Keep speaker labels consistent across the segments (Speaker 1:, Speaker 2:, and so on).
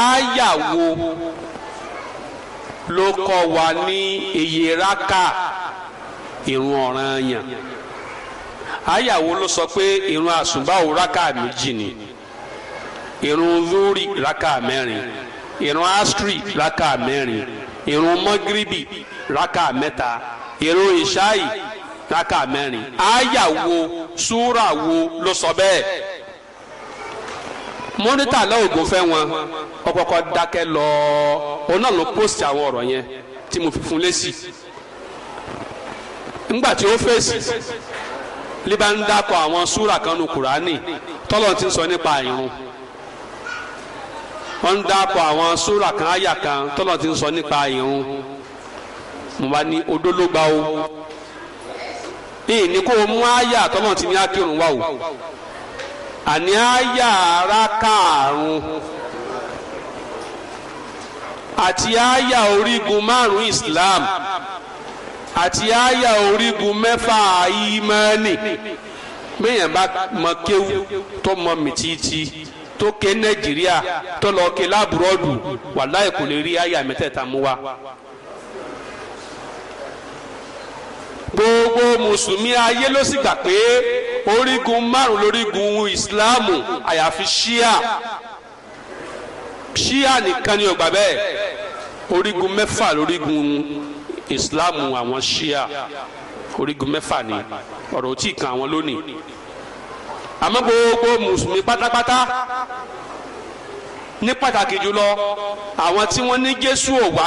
Speaker 1: ááyà wo ló kọ́ wa ní iye rákà ìrun ọ̀ranyàn ááyà wo ló sọ pé ìrun àsùnbáwò raka méjì ni ìrun lórí rákà mẹ́rin ìrun astri rákà mẹ́rin ìrun mọ́gíríbì rákà mẹ́ta ìrun ìṣáì rákà mẹ́rin ááyà súrà wo ló sọ bẹ́ẹ̀. Murtala Ògúnfẹ́ wọn ọkọ̀ọ̀kọ̀ dákẹ́ lọ ọ náà lọ post àwọn ọ̀rọ̀ yẹn tí mo fi fún lésì ńgbà tí ó fèsì líbà ń dákọ̀ àwọn súrà kan nu Kùránì tọ́lọ̀ ti ń sọ nípa ìrun wọ́n ń dákọ̀ àwọn súrà kan àyà kan tọ́lọ̀ ti ń sọ nípa ìrun mo bá ní odó ló gba o ìní kó o mú àyà tọ́lọ̀ ti ní akírun wá o. àní àyà ara kààrún àti àyà orígun márùn Islam àti àyà orígun mẹ́fà ìmánì méèyàn bá mọ kéwú tó mọ mìtìtì tó ké Nàìjíríà tó lọ ké lábúrọ́dù wàláì kò lè rí àyà mẹ́tẹ̀ẹ̀ta mú wa. gbogbo mùsùlùmí ayé ló sì gbà pé orígun márùn lórígun ìsìláàmù àyàfi ṣíà ṣíà nìkan ni ó gbà bẹ́ẹ̀ orígun mẹ́fà lórígun ìsìláàmù àwọn ṣíà orígun mẹ́fà ni ọ̀rọ̀ tí ì kan àwọn lónìí àmọ́ gbogbo mùsùlùmí pátápátá ní pàtàkì jùlọ àwọn tí wọ́n ní Jésù ò wá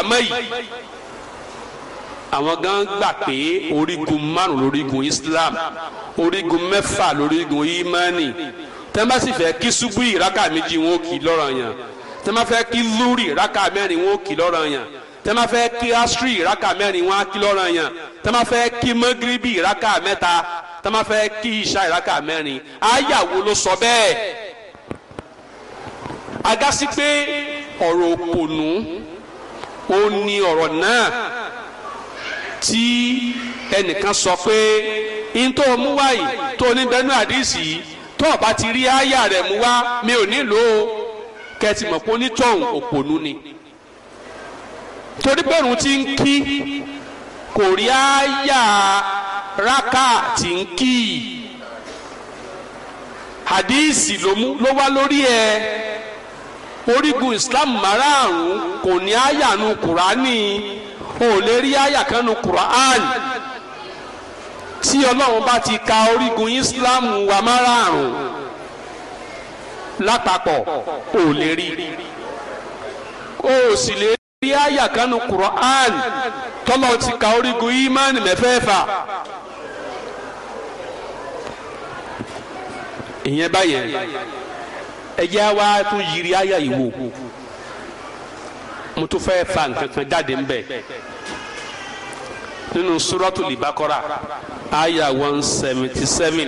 Speaker 1: àwọn gan gbà pé orígun márùn lórígun Islam orígun mẹ́fà lórígun imani tẹ́mbà sì fẹ́ kí ṣubú ìrákà méjì wọn ò kì í lọ́rọ̀ yàn tẹ́mbà fẹ́ kí lúrì raka mẹ́rin wọn ò kì í lọ́rọ̀ yàn tẹ́mbà fẹ́ kí asri raka mẹ́rin wọn á kí lọ́rọ̀ yàn tẹ́mbà kí mọ́gíríbì ìrákà mẹ́ta tẹ́mbà kí ìṣá ìrákà mẹ́rin ayàwó ló sọ bẹ́ẹ̀ agasi pé ọ̀rọ̀ òpònú ó ní ọ̀rọ̀ náà tí ẹnìkan sọ pé n tó mú wáyìí tó ní bẹnu àdìsí yìí tó o bá ti rí àyà rẹ̀ mú wá mi ò nílò o kẹtì mọ̀ pé onítọ̀hún òpònú ni torí bẹ́ẹ̀rù ti ń kí kò rí àyà rákà tí ń kí àdìsí ló wá lórí ẹ̀ orígun Islam márààrún kò ní àyà nu Kùránì o lè rí àyà kan nu Quran tí Ọlọ́run bá ti ka orígun Islam wa márààrún lápapọ̀ o lè rí o sì lè rí àyà kan nu Quran tọ́lọ́ ti ka orígun imán mẹ́fẹ̀ẹ̀fà. ìyẹn báyẹn ẹ jẹ́ wá tún yiri àyà yìí wò mo tún fẹ́ fa nǹkan kan jáde ńbẹ̀ nínú suratul Baqara aya one seventy seven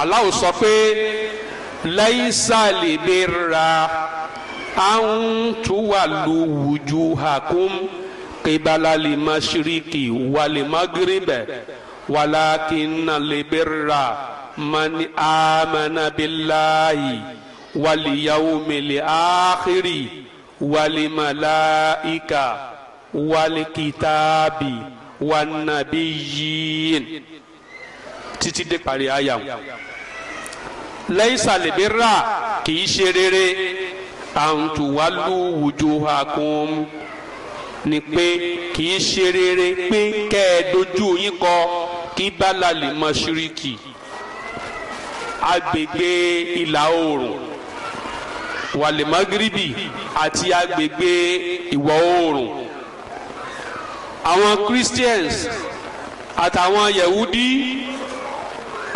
Speaker 1: Allah sọ pé laisal birra an tuwallu wujuhakum qibalal mashriqi wal maghribi walakinna libirra man amana billahi wal yawmil akhiri walimalaika walikitaabi wanabiyin títí dé parí àyà wọn. laisa libira kìí ṣe rere àǹtùwálù wujuhakum ni pé kìí ṣe rere pé kẹ́ ẹ dojú yín kọ kí bala lè mọ ṣíríkì agbègbè ìlà oòrùn wàlímágíríbì àti agbègbè ìwọ̀ oòrùn àwọn christians àtàwọn yahudi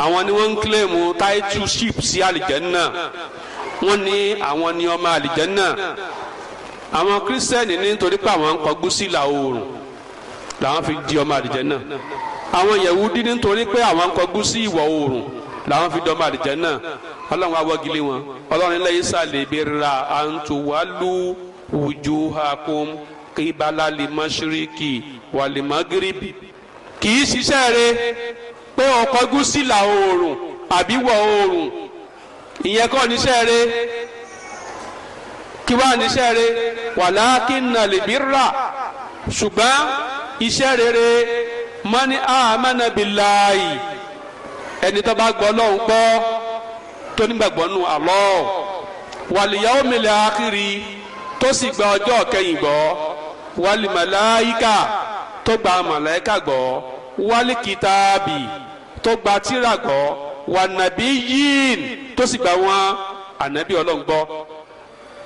Speaker 1: àwọn ni wọ́n ń kílèmù tituleship sí àlìjẹ́nà wọ́n ní àwọn ni ọmọ àlìjẹ́nà àwọn christian ní nítorí pé àwọn ń kọgbú sí ìlà oòrùn làwọn fi di ọmọ àlìjẹ́nà àwọn yahudi nítorí pé àwọn ń kọgbú sí ìwọ̀ oòrùn làwọn fi di ọmọ àlìjẹ́nà ọlọ́run wa wọ́gilé wọn ọlọ́run lẹ́yìn sàlẹ̀ ìbéèrà àǹtòwálú wùjú hakum kíbalà lè mọ ṣíríkì wà lè mọ gíríbì. kì í ṣiṣẹ́ rẹ pé ọkọ̀ gúúsì là oòrùn àbí wọ̀ oòrùn ìyẹn kọ́ níṣẹ́ rẹ kí wàá níṣẹ́ rẹ wàlákìnnà lè bí rà ṣùgbọ́n iṣẹ́ rere mọ́ni àmánà bíláì ẹni tó bá gbọ́ lọ́hùn gbọ́ tó nígbàgbọ́ nù Allah wal yawmil akhiri tó sì gba ọjọ́ kẹyìn gbọ́ wal màláyíkà tó gba màláyíkà gbọ́ wal kìtàbì tó gba tírà gbọ́ wà nàbí yíìn tó sì gba wọn ànábì ọlọ́run gbọ́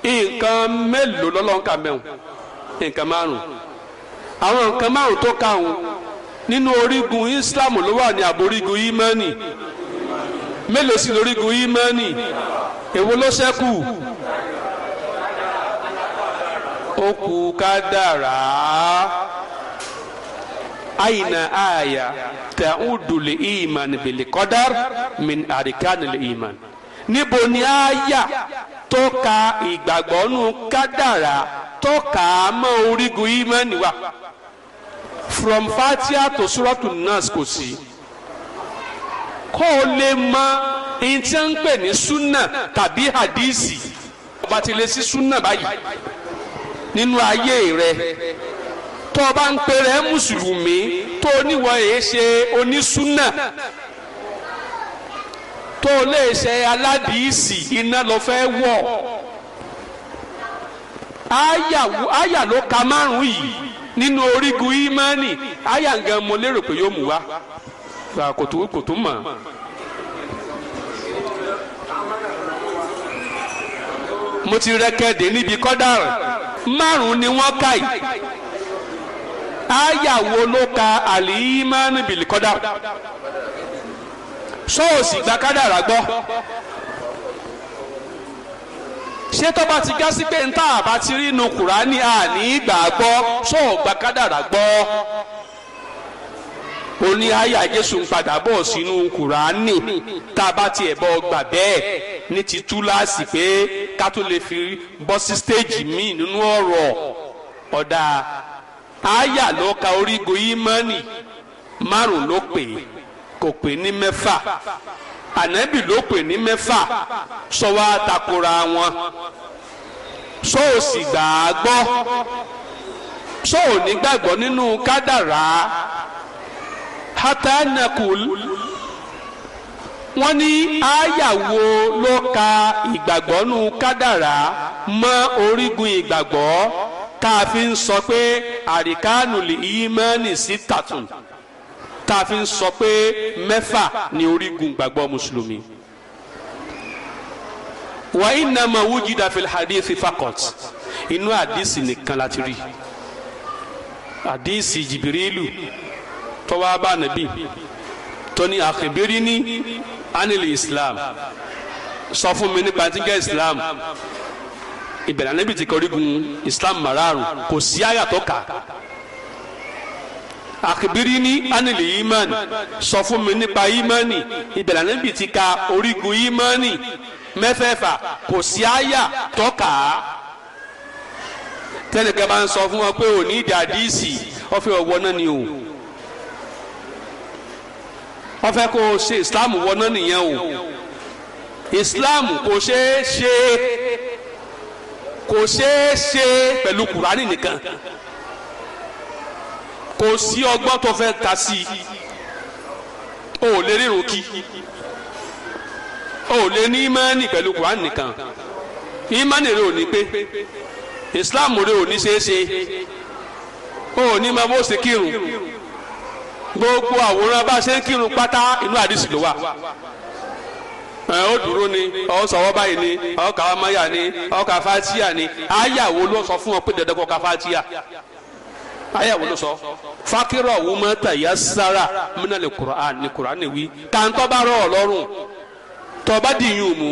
Speaker 1: nǹkan mélòó lọ́lọ́run kà mẹ́wọ̀n nǹkan márùn àwọn nǹkan márùn tó kà wọn nínú orígun Islam ló wà ní àborígun imani mélòó sí lórígun ímánì èwo ló ṣẹ́kù ó kù kádàrá aina aya ta'udu li iman bil qadar min arikanil iman níbo ni aya tó ka ìgbàgbọ́ nù kádàrá tó kà á mọ́ orígun ímánì wa from fatia to suratu nas kò sí. Si kó o lè mọ ẹni tí wọ́n ń pè ní súnà tàbí hadísì ọba ti lè sí súnà báyìí
Speaker 2: nínú ayé rẹ
Speaker 1: tó o bá ń pè rẹ mùsùlùmí tó o níwọ̀ èé ṣe onísúnà tó o lè ṣe aládìísì iná ló fẹ́ wọ̀ áyà ló ka márùn yìí nínú orígun ímánì áyà nǹkan mo lérò pé yóò mú wa. gba kòtò kòtò mọ̀. mo ti rẹ́kẹ̀dé níbi kọ́dàrà márùn-ún ni wọ́n kà yìí áyàwó ló ka àlìímánì bìlì kọ́dàrà sọ́ọ̀sì gba kádàrà gbọ́ ṣé tó bá ti já sí pé ń tà bá àní ìgbà gbọ́ gba kádàrà gbọ́. ó ní àyà jésù ń padà bọ̀ sínú kùránì tá a bá tiẹ̀ bọ́ gbà bẹ́ẹ̀ ní ti túláàsì pé ká tó lè fi bọ́ sí stéèjì míì nínú ọ̀rọ̀ ọ̀dà àyà ló ka origo ìmánì márùn ló pè é kò pè ní mẹ́fà ànábì ló pè ní mẹ́fà sọ wá takora wọn sọ ò sì gbà á gbọ́ sọ ò ní gbàgbọ́ nínú kádàrá. hata nakul wọ́n ní àyàwó ló ka ìgbàgbọ́ nu kádàrá mọ́ orígun ìgbàgbọ́ tá a fi ń sọ pé àríkánu lè yí mọ́ni sí tàtún tá a fi ń sọ pé mẹ́fà ni orígun ìgbàgbọ́ mùsùlùmí. wa innama wujida fil hadith faqat inú àdìsí nìkan láti rí àdìsí jìbìrìlù tó wá bá nàbí tó ní islam sọ fún mi nípa tí islam ìbẹ̀rẹ̀ ànábì ti kọ orígun islam márààrún kò sí àyàtọ̀ kà àkèbírí ní imani sọ fún mi nípa imani ìbẹ̀rẹ̀ ànábì ti ka orígun imani mẹ́fẹ̀ẹ̀fà kò sí àyà tọ́ka tẹ́lẹ̀ kẹ́ bá ń sọ fún wọn pé òní ìdí àdìsí ọ̀fẹ́ ọ̀wọ́ náà ni o wọ́n fẹ́ kó ṣe islam wọná nìyẹn o islam kò ṣeé ṣe kò ṣeé ṣe pẹ̀lú kùránì nìkan kò sí ọgbọ́n tó fẹ́ ta sí i o lè rírun kí o lè ní ìmánì pẹ̀lú kùránì nìkan ìmánì rẹ ò ní pé islam rẹ ò ní ṣeé ṣe o ní ma bó ṣe kírun gbogbo àwòrán bá ṣe ń kírun pátá inú àdìsí ló wà ẹ ó dúró ni ọ sọwọ́ báyìí ni ọ kà á ni ọ kà á fàtíyà ni ayàwó ló sọ fún ọ pé dandan kọ kà á fàtíyà ayàwó ló sọ fakirọ̀ ọ̀hún mọ́ tàyà sára múná lè kura ni kura ni wí bá rọ̀ ọ́ lọ́rùn tọ́ba dìyún mú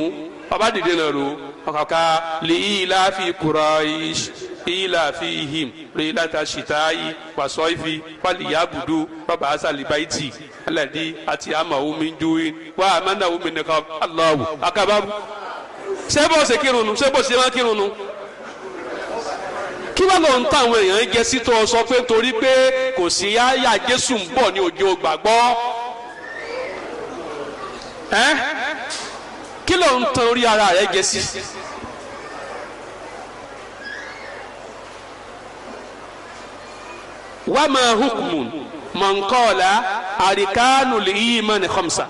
Speaker 1: ọba dìde náà ro ọkàkà lè yí ilá fi kura yìí ila fihim rilata shitayi wasoifi waliyabudu babaasa libaiti aladi ati amahu min juwin wa amanahu min niqab allahu akababu sẹ́bọ̀ ṣe kírun nu sẹ́bọ̀ ṣe máa kírun nu kí wàá lọ ń táwọn èèyàn jẹ sítọ sọ pé torí pé kò sí àyà jésù ń bọ̀ ní òjò gbàgbọ́ kí ló ń tan orí ara rẹ jẹ wàmà hukmun mọ̀nkọ́ọ̀lá àríkánù ìyímọ̀nì khamsa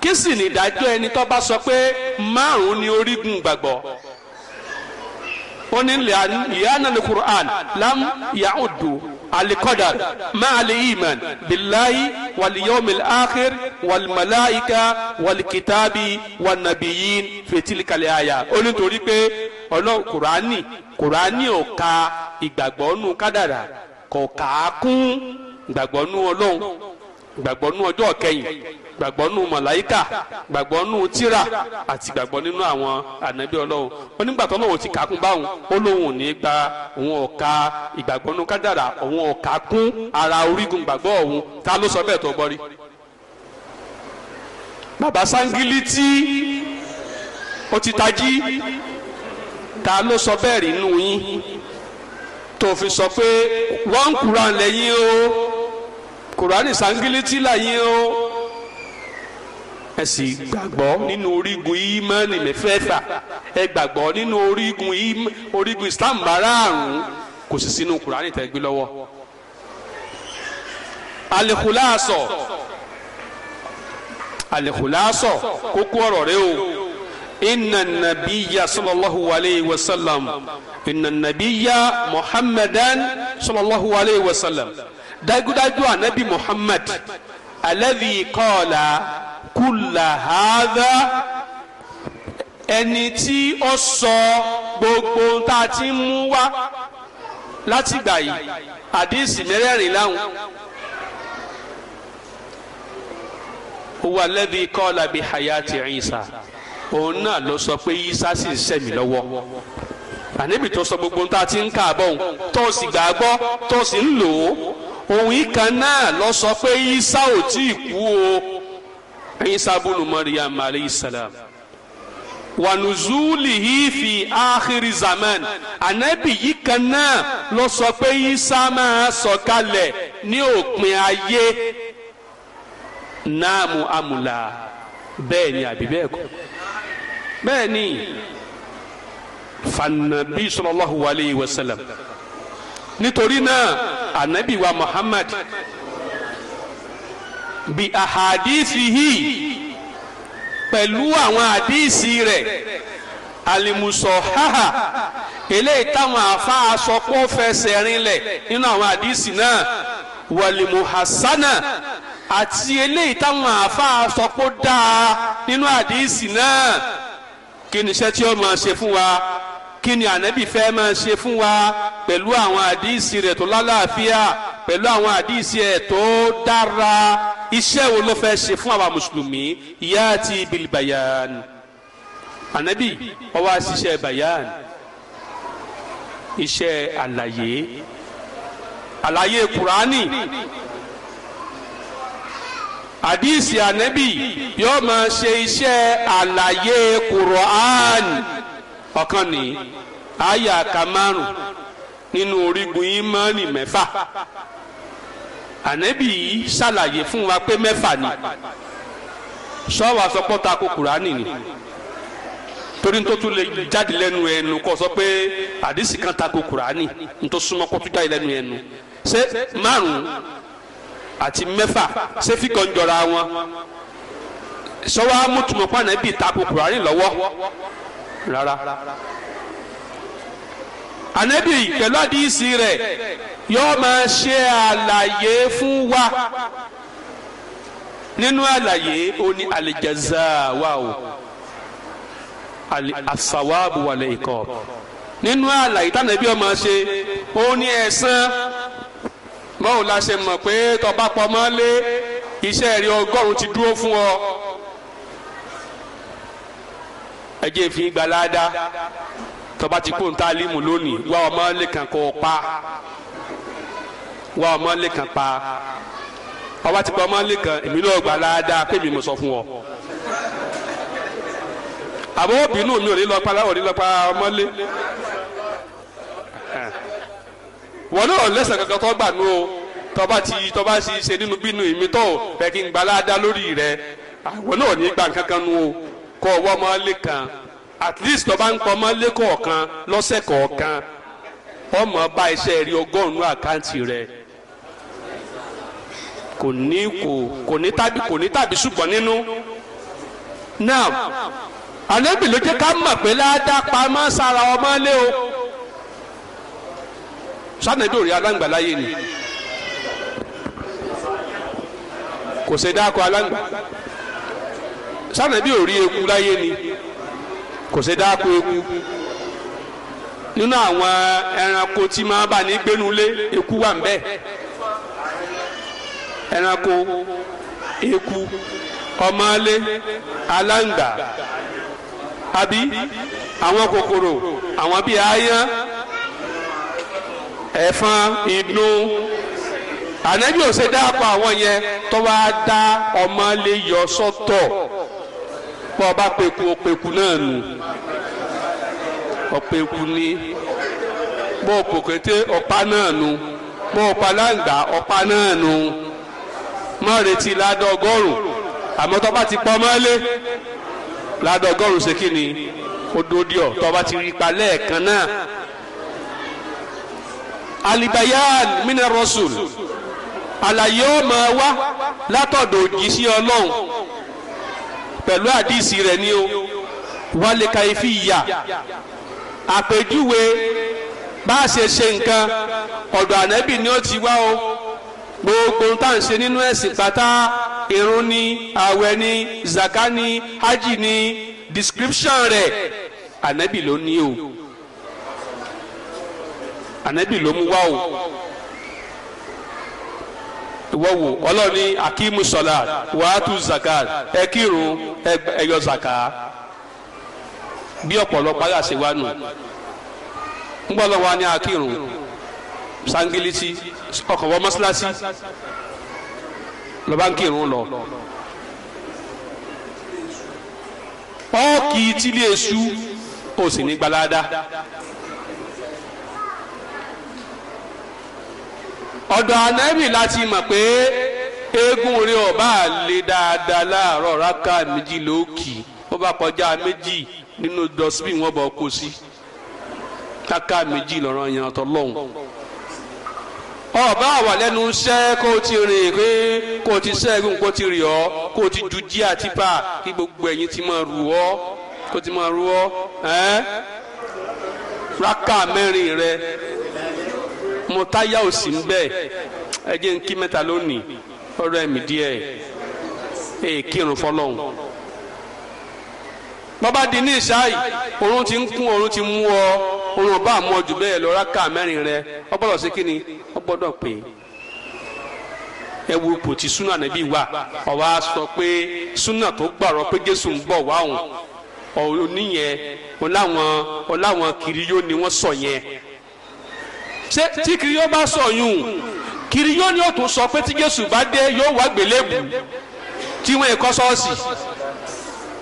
Speaker 1: kí sì ní ìdájọ́ ẹni tó bá sọ pé márùn-ún ni orígun gbàgbọ́ ó ní lìyànà ní Qur'an lam yahudu alikọdar maali iman bilayi waliyomil akhir walimalaika walikitabi wanabiyin fetilikali aya ó ní torí pé ọlọ́ kùránì kùránì ka ìgbàgbọ́ nù kádàrà. kò kàákún gbàgbọ́ nú ọlọ́run gbàgbọ́ nú ọjọ́ kẹyìn gbàgbọ́ nú màláíkà gbàgbọ́ nú tírà àti gbàgbọ́ nínú àwọn ànábì ọlọ́run ó nígbà tó lọ́wọ́ ti kàákún báwọn ó gba òun ọ̀ka ìgbàgbọ́ nú òun ara orígun gbàgbọ́ òun ta ló sọ sangili ti tají ta ló sọ bẹ́ẹ̀ rí tó fi sọ pé one quran lẹ́yìn o kùránì sangiliti lẹ́yìn o ẹ sì gbàgbọ́ nínú orígun ìmánì mẹ́fẹ̀ẹ̀fà ẹ gbàgbọ́ nínú orígun orígun islam márààrún kò sì sínú kùránì tẹ́ gbé lọ́wọ́ alikulaasọ alikulaasọ kókó ọ̀rọ̀ rẹ o inna nabiya sallallahu alayhi wa sallam inna nabiya muhammadan sallallahu alayhi wa sallam dagudaju anabi muhammad alladhi qala kulla hadha ẹni tí ó sọ gbogbo tá a ti mú wá látìgbà yìí àdìsí mẹ́rẹ̀ẹ̀rin láwọn. huwa alladhi qala bi hayati Isa òun náà ló sọ pé yísà sì ń sẹ̀mí lọ́wọ́ ànẹ́bì tó sọ gbogbo tá a ti ń kà bọ̀ òun tó sì gbàgbọ́ tó sì ń lò ó òun ìkan náà lọ sọ pé yísà ò tí ì kú o Isa bunu Maryam alayhi salam wa nuzulihi fi akhiri zaman anabi yìí kan náà ló sọ pé isa máa sọ̀kalẹ̀ ní òpin ayé náà mu amúlá bẹ́ẹ̀ ni àbí bẹ́ẹ̀ kọ́ bẹ́ẹ̀ ni fanabi sọlọ́láhu alayhi wa sallam
Speaker 2: nítorí náà
Speaker 1: anabi wa muhammad bi ahadisihi pẹ̀lú àwọn àdísì rẹ̀ alimusohaha eléyìí táwọn àáfàá sọ pé ó fẹsẹ̀ rinlẹ̀ nínú àwọn àdísì náà walimuhasana àti eléyìí táwọn àáfàá sọ dáa nínú àdísì náà kí ni iṣẹ́ tí ó máa ṣe fún wa kí ni ànábì fẹ́ máa ṣe fún wa pẹ̀lú àwọn àdíìsì rẹ̀ tó lálàáfíà pẹ̀lú àwọn àdíìsì ẹ̀ tó dára iṣẹ́ wo ló fẹ́ ṣe fún àwa mùsùlùmí yati bil bayan ànábì ó wá bayan iṣẹ́ àlàyé àlàyé kùránì. àdìsí ànábì yóò máa ṣe iṣẹ́ àlàyé Qur'an ọ̀kan ní àyà ká márùn nínú orígun ìmánì mẹ́fà ànábì yìí ṣàlàyé fún wa pé mẹ́fà ni sọ́wọ́ àsọpọ̀ ta ko ni torí tó tún lè jáde lẹ́nu ẹnu sọ pé àdìsí kan ta ko Qur'ani ní tó súnmọ́ kó tún jáde lẹ́nu ẹnu ṣé márùn àti mẹ́fà sẹ́fíkọ̀ ń jọra wọn sọ́wọ́ amútùmọ̀ pàánà bíi tako kùránì lọ́wọ́ rárá ànábì pẹ̀lú àdìsí rẹ̀ yóò máa ṣe àlàyé fún wa nínú àlàyé ó ní àlìjẹ̀zá wa o àsàwáàbù wàlẹ̀ ìkọ́ nínú àlàyé tànàbí ó máa ṣe ó ní báwo la ṣe mọ̀ pé tọba pọmọ́ lé iṣẹ́ rí ọgọ́rùn-ún ti dúró fún ọ. ẹ jẹ́ ìfi gbalada tọba ti kó nta alimu lónìí wá ọmọ lẹ́kàn kọ́ pa wá ọmọ lẹ́kàn pa ọba ti pa ọmọ lẹ́kàn èmi náà gbalada pé mi mo sọ fún ọ àbọ̀ bínú mi ò ní lọ pa ọmọ lé wọn náà lẹ́sẹ̀ kankan tó gbà nú o tọba ti tọba ti ṣe nínú bínú ìmí tó fẹ́ kí n gbà láàdá lórí rẹ àwọn náà ní gbà kankan nú o kọ́ ọwọ́ ọmọ lé kan at least tọba ń pọ́ ọmọ lé kọ̀ọ̀kan lọ́sẹ̀ kọ̀ọ̀kan ọmọ bá iṣẹ́ rí ọgọ́rùn-ún àkáǹtì rẹ kò ní kò kò ní tàbí kò ní tàbí ṣùgbọ́n nínú now ànábì ló jẹ́ ká mọ̀ pé láàdá pamọ́ sára ọmọ lé o. sanabi ò rí aláǹgbá ni kò ṣe dáko aláǹgbá sanabi eku láyé ni kò ṣe dáko eku nínú àwọn ẹranko tí máa bá ní gbénulé eku wà ń bẹ ẹranko eku ọmọlé aláǹgbá àbí àwọn kòkòrò àwọn bíi aáyán. ẹ̀fọn inú ànábì ò ṣe dáàpọ̀ àwọn yẹn tó wá dá ọmọ lè yọ sọ́tọ̀ pọ̀ bá peku òpeku náà nù ọ̀peku ni bó o pòkété ọ̀pá náà nù bó o palangba ọ̀pá náà nù má retí ládọ́ ọgọ́rùn-ún àmọ́ tó bá ti pọ́ mọ́lé ládọ́ ọgọ́rùn ṣe kí ni odò díọ̀ tó bá ti rí pa lẹ́ẹ̀kan náà alibayan mina rasul àlàyé ó máa wá látọ̀dọ̀ òjíṣẹ́ ọlọ́run pẹ̀lú àdìsí rẹ̀ ni o wálé kàyéfì yà àpèjúwe bá a ṣe ṣe nǹkan ọ̀dọ̀ ànábì ni ó ti wá o gbogbo tá à ń ṣe irun ni àwẹ̀ ni zaka ni hajj ni description rẹ̀ ànábì ló ní o. anebi ló mú wá o ìwọ wo ọlọ́ọ̀ni akíímù sọlá wàátù zakat ẹ kírun zaka bí ọ̀pọ̀lọpọ̀ ayé àṣewá nù ńgbọ́dọ̀ wa ní akírun sangiliti ọkọ̀ mọ́sálásí lọ́ba ń kírun lọ ọ́ọ̀kì tílé esu ó sì ní gbalada. ọdọ anẹbi láti mọ̀ pé eégún orí ọba lè dáadáa láàárọ̀ rákà méjì lókì ó bá kọjá méjì nínú dọ́sbìn wọn bọ̀ kó sí rákà méjì lọ́rọ̀ yẹn ọ̀tọ̀ lọ́hùn. ọba àwà lẹ́nu iṣẹ́ kó ti rìn pé kó ti ṣẹ́gun kó ti rì ọ́ kó ti ju jí àti pa kí gbogbo ẹ̀yìn ti máa rù ọ́ kó ti máa rù ọ́ rákà mẹ́rin rẹ mọ̀táyà ò sí nbẹ̀ ẹ jẹ́ nkí mẹ́ta lónìí ọ̀rọ̀ ẹ̀mí díẹ̀ ẹ̀ kírun fọlọ́hún bàbá di ní ìṣáì òun ti ń kún òun ti mú ọ òun ọba àmú ọ jù bẹ́ẹ̀ lọ rákà mẹ́rin rẹ ọgbọ́dọ̀ sí kí ni ọgbọ́dọ̀ pé ẹ ipò tí súnà níbí wà ọwọ́ a sọ pé súnà tó gbàrọ pé jésù ń bọ̀ wá òun oníyẹn ọláwọn ọláwọn kiri yóò ni wọ́n sọ yẹn ṣé tí kiri yóò bá sọ yún kiri yóò ní òtún sọ pé tí Jésù bá dé yóò wá gbélébù tí wọn kọ́ ṣọ́ọ̀ṣì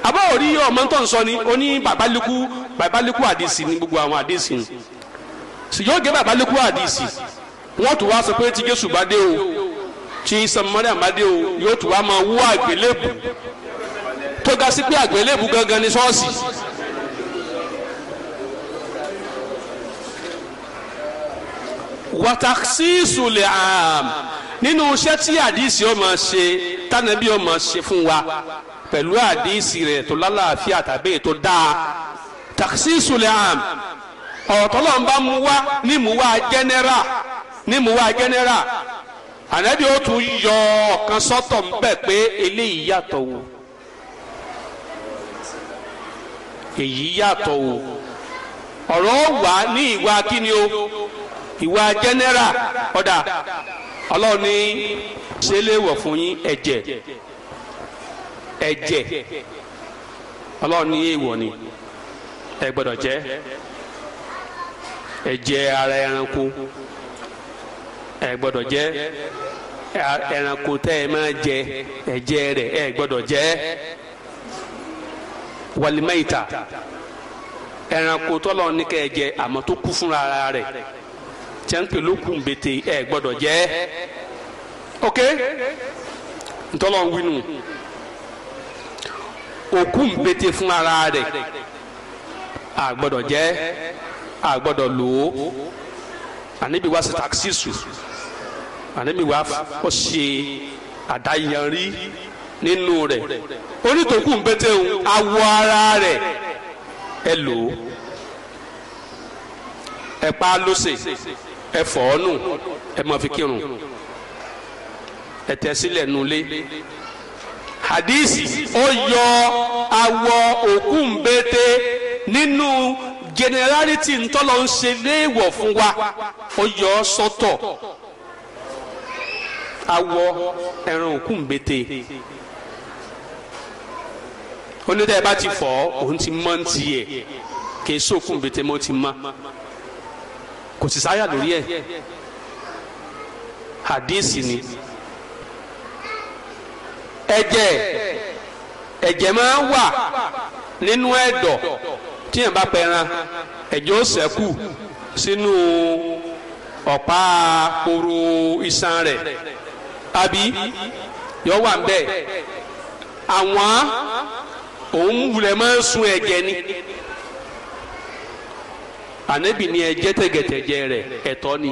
Speaker 1: àbá òrí ọmọ tó ń sọ ni oní babaluku babaluku àdìsí ni gbogbo àwọn àdìsí ni sì gé babaluku àdìsí wọn tún wá sọ pé tí Jésù bá dé o tí sọmọdé àbádé o yóò tún wá máa wú àgbélébù tó ga sí pé àgbélébù gangan ni ṣọ́ọ̀ṣì. wàtàkìsísù lè àm nínú iṣẹ́ tí àdìsí ó máa ṣe tánàbí ó máa ṣe fún wa pẹ̀lú àdìsí rẹ̀ tó lálàáfíà tàbí tó dáa tàkìsísù lè àm ọ̀tọ́ lọ́n bá mú wá ní mú wá jẹ́nẹ́rà ní mú wá jẹ́nẹ́rà ànábì ó tún yọ ọ̀kan sọ́tọ̀ ńbẹ̀ pé eléyìí yàtọ̀ wò èyí yàtọ̀ wò ọ̀rọ̀ wà ní ìwà kíni o. ìwà jẹnẹra ọ̀dà ọlọ́run ní ṣẹlẹ̀wọ̀ fún yín ẹ̀jẹ̀ ẹ̀jẹ̀ ọlọ́run ní èèwọ̀ ni ẹ gbọ́dọ̀ jẹ ẹ̀jẹ̀ ara ẹranko ẹ gbọ́dọ̀ ẹranko tẹ́ ẹ máa jẹ ẹ̀jẹ̀ rẹ̀ ẹ gbọ́dọ̀ ẹranko tọ́lọ́ ní kẹ́ ẹ jẹ àmọ́ tó kú fúnra rẹ̀. tí e, a ń pè lókun bètè ẹ gbọ́dọ̀ ok ntọ́lọ́ winu òkun bètè fún ara rẹ̀ a gbọ́dọ̀ jẹ a gbọ́dọ̀ lò ó ànábi wa ṣe takisisu ànábi wa ọ ṣe àdáyanrí nínú rẹ̀ onítòkùn bètè awọ ara rẹ̀ ẹ lò ó ẹ̀pá lóṣè ẹ fọ̀ ọ́ nù ẹ máa fi kírun ẹ tẹ́ sílẹ̀ nulẹ̀ hadisi ó yọ awọ òkú ńbété nínú generality ntọ́lọ́ ń ṣe léèwọ̀ fún wa ó yọ ọ́ sọ́tọ̀ awọ ẹran òkú ńbété onídàá ẹ bá ti fọ̀ òun ti mọ́ ń tiẹ̀ kì í sókun bété mo ti mọ́ kò sì sáyà lórí ẹ̀ hadisi ni ẹ̀jẹ̀ ẹ̀jẹ̀ máa ń wà nínú ẹ̀dọ̀ tí yẹn bá pẹran ẹ̀jẹ̀ ó ṣẹ́kù sínú ọ̀pá koro iṣan rẹ̀ àbí yọ wà ń bẹ̀ àwọn òun wulẹ̀ máa ń sun ẹ̀jẹ̀ ni ànábì ni ẹ jẹ rẹ̀ ẹ̀tọ́ ni.